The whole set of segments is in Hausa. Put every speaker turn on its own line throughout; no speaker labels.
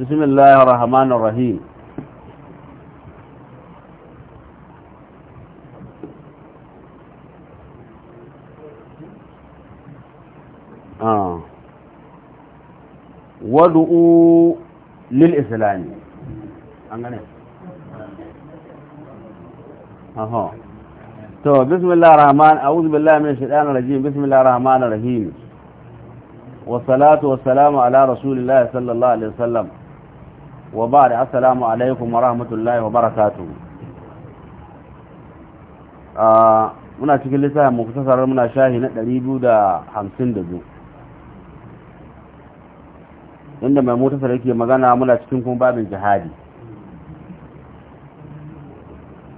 بسم الله الرحمن الرحيم آه. ودعوا للإسلام أها تو بسم الله الرحمن أعوذ بالله من الشيطان الرجيم بسم الله الرحمن الرحيم والصلاة والسلام على رسول الله صلى الله عليه وسلم wa ba da assalamu alaikum wa rahmatullahi wa barakatu muna cikin lissafin mu kusa muna shahi na 252 inda mai da ke magana muna cikin kuma babin jihadi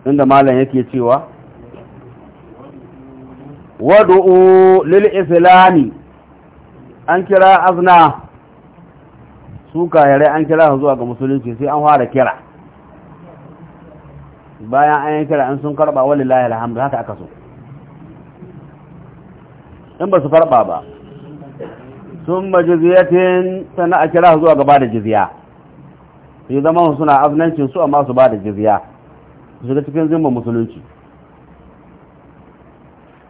inda malam yake cewa wadu'u lil islami an kira azna su kayarai an kira su zuwa ga musulunci sai an fara kira bayan an yi kira an sun karba wani lahi alhamdu haka aka so in ba su karba ba sun ma jiziyatin sannan a kira su zuwa ga da jiziya su zama suna afnancin su amma su ba da jiziya su shiga cikin zimba musulunci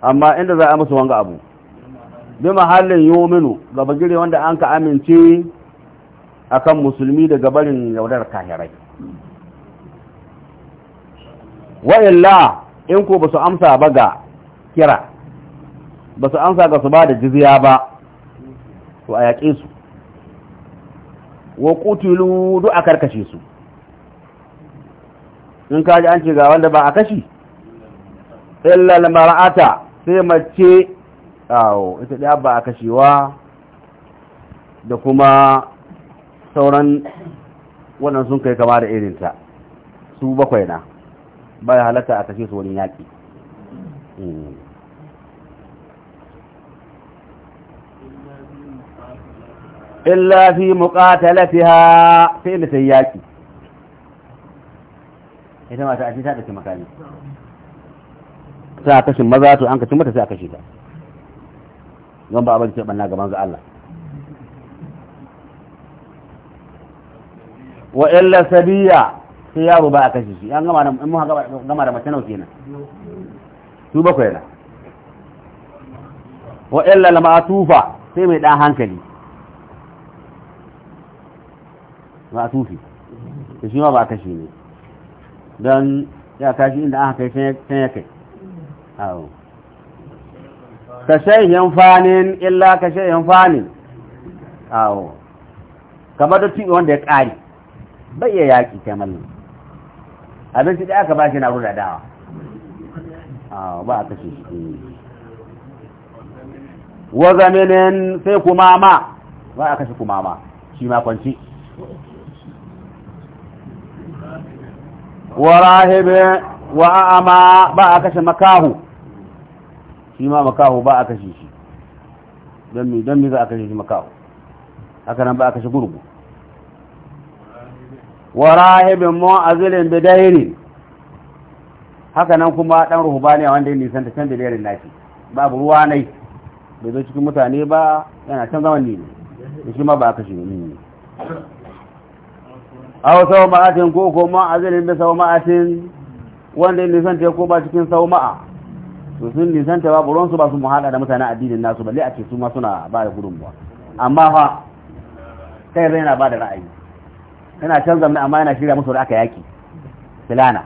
amma inda za a musu wanga abu bi mahallin yominu gaba gire wanda an ka amince akan musulmi daga barin yaudar kahirai wa'illa in ko ba amsa ba ga kira ba su amsa ga su ba da jizya ba to a yaƙe su wa ƙutilu duk a karkashe su in kaji an ce ga wanda ba a kashi illal mar'ata sai mace awo ita da ba a kashewa da kuma sauran wannan sun kai kama da irinta su bakwai na ba ya halatta a kashe su wani yaƙi illa fi ha fi inda sai yaƙi ita mata ake ta ɗauki makami ta kashin maza to an kashin mata sai a kashe ta don ba abin ce ɓanna gaban ga Allah wa illa sabiya sai yaro ba a kashe shi an gama da in mun gama da mace nau kenan su bakwai na wa illa lamatufa sai mai dan hankali ba tufi to shi ma ba a kashe ne don ya kashi inda aka kai sai ya kai awo ka yan fanin illa ka yan fanin awo kamar da tuɓe wanda ya ƙari bai iya yaƙi ta mallam abinci da aka shi na ruda dawa ba a kashe shi wa zaminin sai kuma ma ba a kashe kuma ma shi ma kwanci wa rahibe wa a'ama ba a kashe makahu shi ma makahu ba a kashe shi don mi za a kashe shi makahu haka nan ba a kashe gurgu wa rahibin mu'azilin bidairin haka nan kuma dan ruhbani wanda nisan nisanta can da dairin nashi babu ruwa nai bai zo cikin mutane ba yana can zaman ne shi ma ba ka shi ne aw sau ma'atin ko ko mu'azilin bi sau ma'atin wanda nisan ta ko ba cikin sau ma'a to sun ta babu su ba su muhada da mutanen addinin nasu balle a ce su ma suna ba da gudunmuwa amma fa kai zai na ba da ra'ayi yana can zamna amma yana shirya musu wani aka yaki filana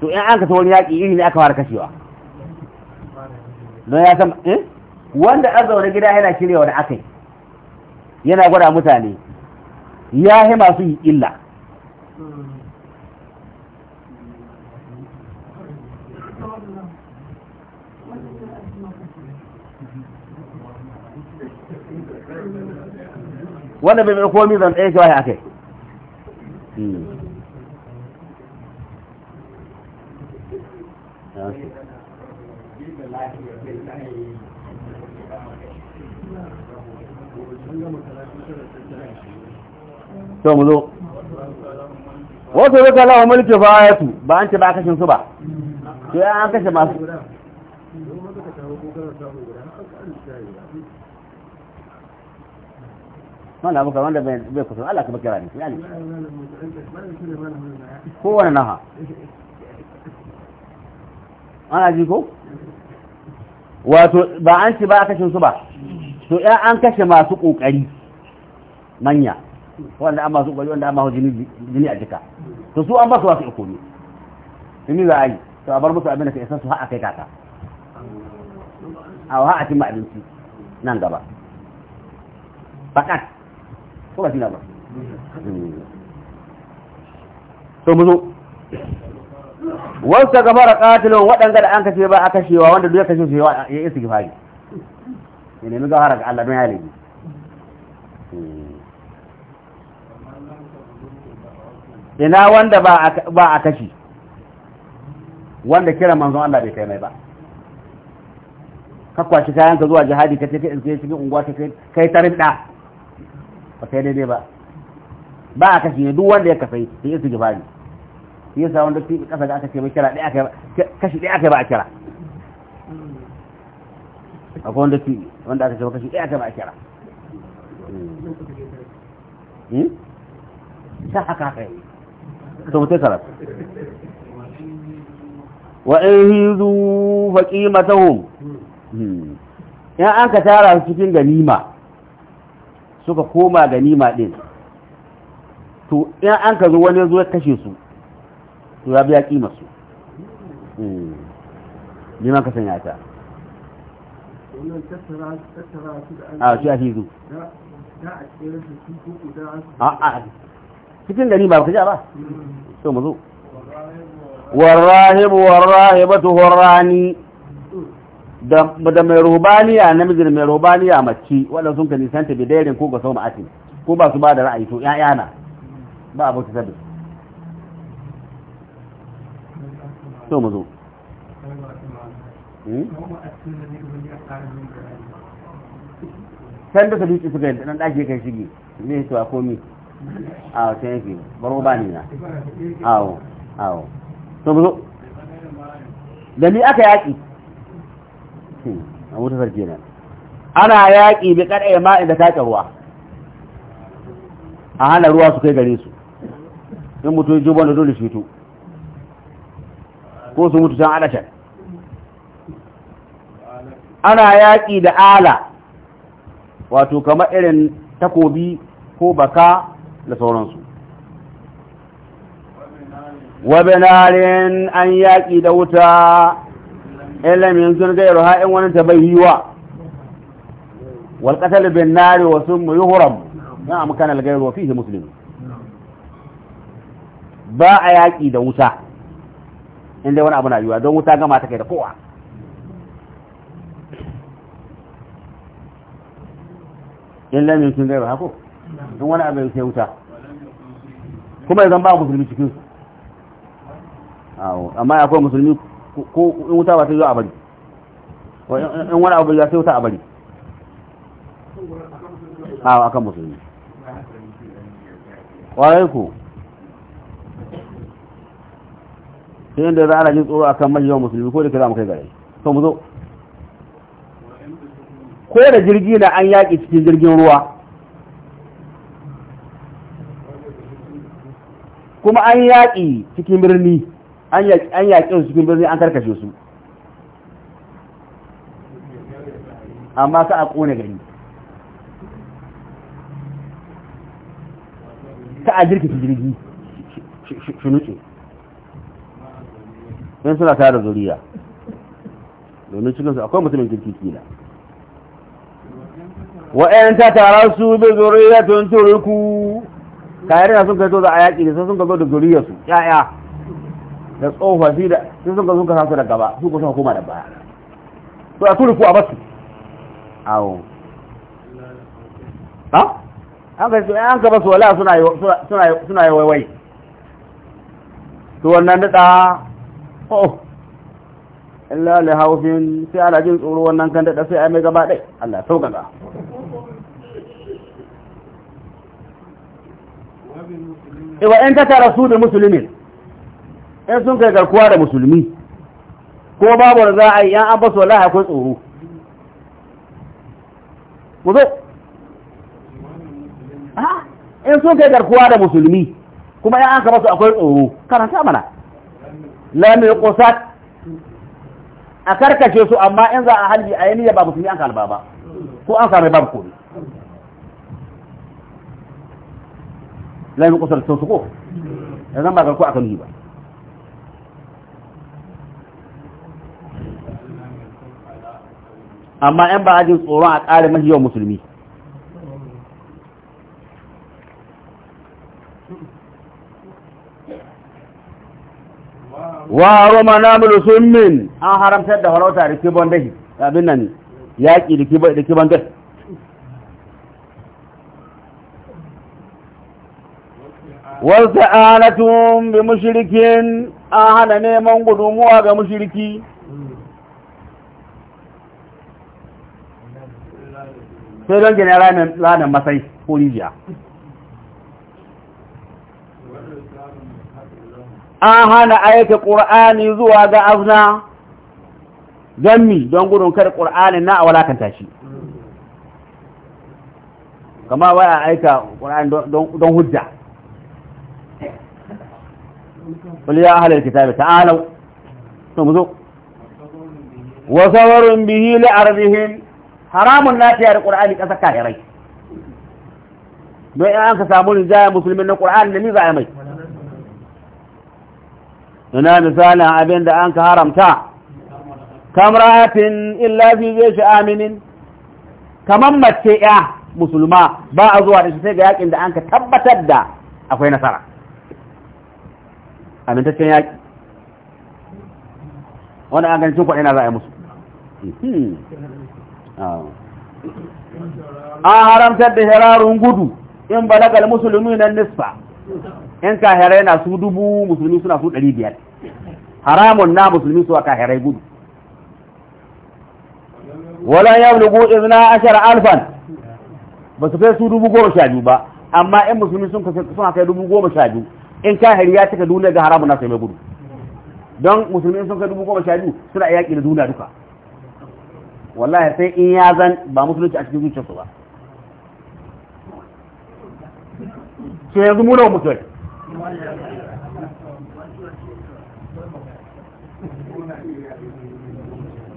to in an kasa wani yaki iri ne aka fara kashewa don ya san eh wanda an zaune gida yana shirya wani akai yana gwada mutane ya yi masu yi illa wanda bai mai komi zan tsaye kawai akai to mu zo wato zaka lawa mulki fa'atu ba an ce ba kashin su ba to ya an kashe masu wanda muka wanda bai kusa Allah ka bakira ne yani wani naha ana ji ko wato ba an ci ba a kashin su ba to ya an kashe masu kokari manya wanda an masu kokari wanda an masu jini a jika to su an ba su wasu ne ni za a yi to a bar musu abin da ka isa su har a kai kaka a ha'a a cimma abinci nan gaba fakat ko ba sina ba to mu zo wanda mara katilon waɗanda da an kashe ba a kashewa wanda duk ya kashe shi ya yi istighfari ya nemi gawara ga Allah don ya laifi ina wanda ba a kashi wanda kira manzon Allah bai kai mai ba ka kwashi kayan ka zuwa jihadi ka tafi iske cikin unguwa ka kai tarin da ba sai daidai ba ba a kashe duk wanda ya kasai sai ya su bari sai yasa wanda su kasa da aka ce mai kira ɗaya kashi ɗaya aka ba a kira akwai wanda su wanda aka ce ba kashi ɗaya kai ba a kira hmm? Hmm? ta haka kai to mutai sarar wa in hizu faqimatuhum hmm. in an ka tara su cikin ganima suka koma ganima din to in an ka zo wani zo ya kashe su to ya biya kima su liman hmm. ka sanya ta
a shi a zu a
cikin ganima ba ka ja ba so hmm. mu zo warrahibu warrahibatu warrani da mai rubaniya namiji da mai rubaniya maki wadda sun ka nisanta bidairin ko ga sauma ati ko ba su ba da ra'ayi to ya'ya na ba abu ta sabi so mu zo hmm? san da sabi suka yi nan ɗaki kai shige ne su a komi a wata yanki ba rubaniya awo awo so mu zo da ni aka yaƙi mutasar kenan ana yaƙi bi kadai ma inda ta ruwa a hana ruwa su kai gare su in mutu ji wanda dole fito ko su mutu can adashan ana yaƙi da ala wato kamar irin takobi ko baka da sauransu wabinarin an yaƙi da wuta in lam yanzun gairu ha in wani ta bai yiwa wal qatl bin Nari nar wa sum yuhram ya amkana al gairu fihi muslim ba a yaki da wuta inda wani abu na yiwa don wuta gama ta kai da kowa in lam sun gairu ha ko in wani abu sai wuta kuma idan ba musulmi cikin su amma akwai musulmi ko in wuta ba sai zo a bari in wani abu ya sai wuta a bari a akan musulmi ƙwarai ku sai inda za a jin tsoro a kan majiyar musulmi ko da za mu kai gare to mu zo ko da jirgi na an yaƙi cikin jirgin ruwa kuma an yaƙi cikin birni an yaƙi su cikin birni an karkashe su amma ka a ƙone gari ka a jirki jirgi su nuce in suna tare da zuriya domin cikinsu akwai mutumin kirki kila wa'yan ta tara su bi zuriya tun turku kayan da sun kai to za a yaƙi da sun ka zo da zuriya su ya'ya da tsofaffi da sun suka suka sasu da gaba su kusa hukuma da baya to a turiku a basu awo ha an ka yi an ka basu wala suna yi waiwai to wannan daɗa oh illa li haufin sai ana jin tsoro wannan kan daɗa sai a mai gaba ɗai Allah gaba iwa eh, in ta tara su da musulmin in sun kai garkuwa da musulmi ko babu da za a yi yan an basu wallahi akwai tsoro mu zo in sun kai garkuwa da musulmi kuma yan an ka basu akwai tsoro karanta mana lami kusat a karkace su amma in za a halbi a yaniyar ba musulmi an kalba ba ko an sami babu kome Lami kusat sun su ko yanzu ba garkuwa akan yi ba amma yan ba ajin tsoron a ƙare mafi yawan musulmi wa roma namul summin an haramtar da harauta da kibon dahi abin nan yaƙi da kibon dahi wasu anatun bi mashirikin an hana neman gudunmuwa ga mashiriki sai don gina ranar masai ko rijiya an hana aika ƙur'ani zuwa ga azna don mi don gudun kar ƙur'ani na a walakanta shi kama ba a aika ƙur'ani don hujja wani ya halar kitabi ta'alau sun zo zo warin bihi la'arbihin haramun lafiya da ƙur'ani ƙasa kayarai don in an ka samu rinjaya musulmin na ƙur'ani da ni za a mai ina misalin abin da an ka haramta kamratin illa fi zai shi aminin kamar mace ya musulma ba a zuwa da shi sai ga yakin da an ka tabbatar da akwai nasara amintaccen yaki wanda an ganin cin kwaɗe na za a yi musu hmm. an haramtar da hirarun gudu in balagal musulmi na nisfa in ka kahirai na su dubu musulmi suna su ɗari biyar haramun na musulmi su aka kahirai gudu wala ya bulugu izna ashar alfan ba su kai su dubu goma sha biyu ba amma in musulmi sun kasance suna kai dubu goma sha biyu in kahiri ya cika duniya ga haramun na sai mai gudu don musulmi sun kai dubu goma sha biyu suna yaƙi da duniya duka wallahi sai in ya zan ba musulunci a cikin zuciyarsu ba so yanzu mu nawa musulunci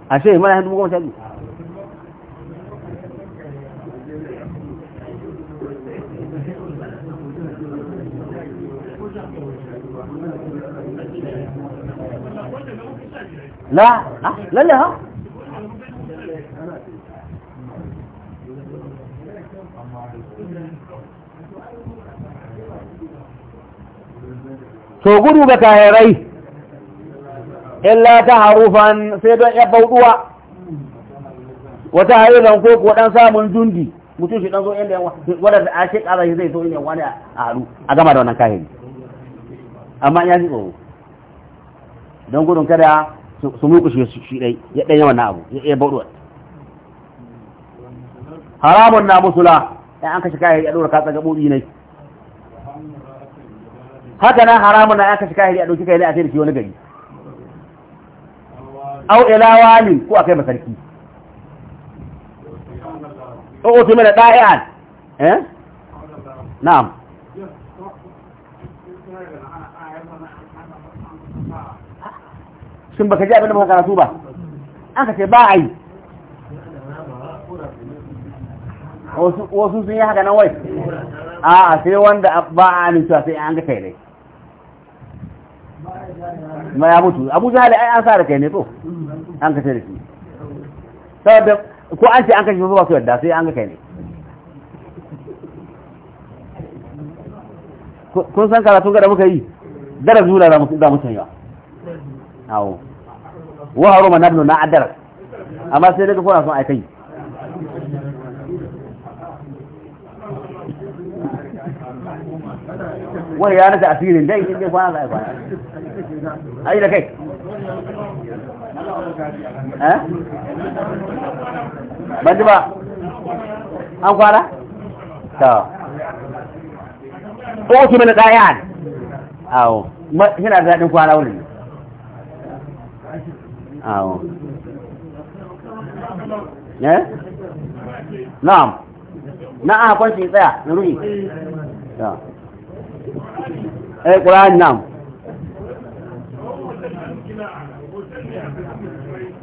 a ce mana hannu goma sha biyu لا لا لا to gudu ga kayarai illa ta harufan sai don ya bauduwa wata harizan ko kuwa dan samun jundi mutum shi dan zo inda yawa da a shi kara shi zai zo inda wani a haru a gama da wannan kayan amma ya ji tsoro don gudun kada su muku shi shi dai ya dan yawan abu ya iya bauduwa haramun na musula ya an kashe kayan ya dora ka tsaga budi ne haka na haramun na aka shiga hiri a ɗauki kai ne a sai da shi wani gari au ila wali ko a kai masarki o otu mai da ɗa'i'an eh na'am shin baka ji abin da muka karatu ba an ka ce ba ai yi wasu sun yi haka nan wai a sai wanda ba a nisa sai an ga kai dai ma ya mutu abu jahali ai an sare kai ne to an kace da shi saboda ko an ce an kace ba su yadda sai an ga kai ne kun san karatun ga da muka yi darar zura da mu yi awo wa haruma nabnu na adar amma sai daga kuna ai kai wani ya ta asirin dai inda kwana za a kwana ai da kai ban ji ba an kwana? to
ko ki mana ɗaya ne
awo ra da daɗin kwana wani awo
ne? na'am na a kwanci
tsaya na ruhi eh ƙura'an na'am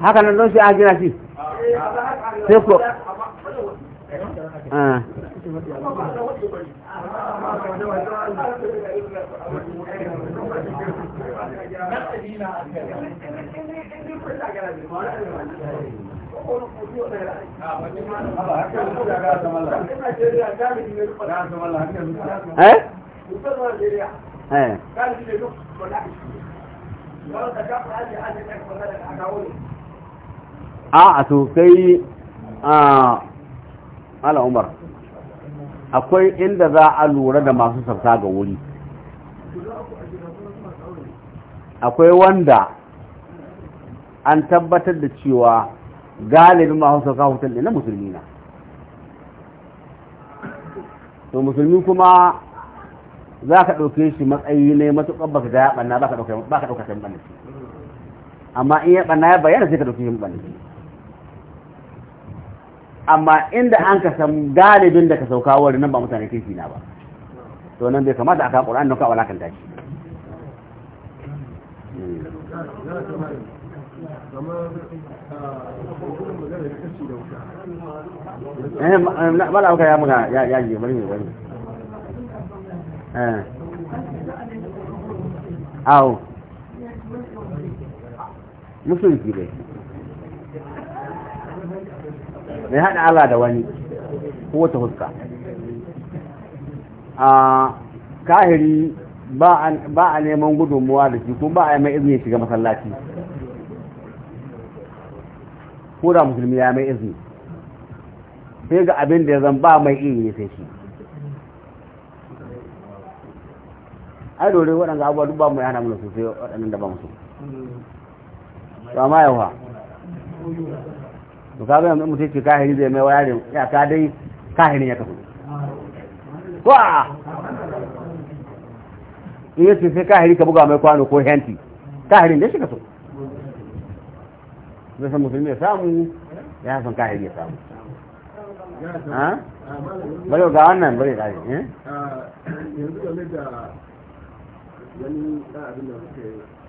haka nan don shi a gina shi
sai ko Thank ah. Eh? Eh. Ah, ah, umar akwai inda za a lura da masu sarsa ga wuri akwai wanda an tabbatar da cewa galibin ma hausa ka hutar na musulmi na to musulmi kuma za ka ɗauke shi matsayi ne matuƙar baka ga ya ɓanna ba ka ɗauka ta ɓanna shi amma in ya ɓanna ya bayyana sai ka ɗauke shi ɓanna amma inda an ka san galibin da ka sauka wani nan ba mutane kirki na ba to nan bai kamata a kan ƙura'an nan ka walakanta shi
hmm. eh mai haɗa Allah da wani
ko wata huska a kahiri ba a neman gudunmuwa da shi kuma ba a yi mai izini shiga masallaci ko da musulmi ya mai izini sai ga abin da ya zan ba mai iya ne sai shi ai dore waɗanda abubuwa duk ba mu yana mana sosai waɗannan da ba mu so ba ma yawa to ka bayan mutum ce kahiri zai mai ne ya ka dai kahirin ya kafa ko a in yace sai kahiri ka buga mai kwano ko henti kahirin da shi ka so zai san musulmi ya samu ya san kayan ya samu bari ga wannan bari kare eh?
ah, yanzu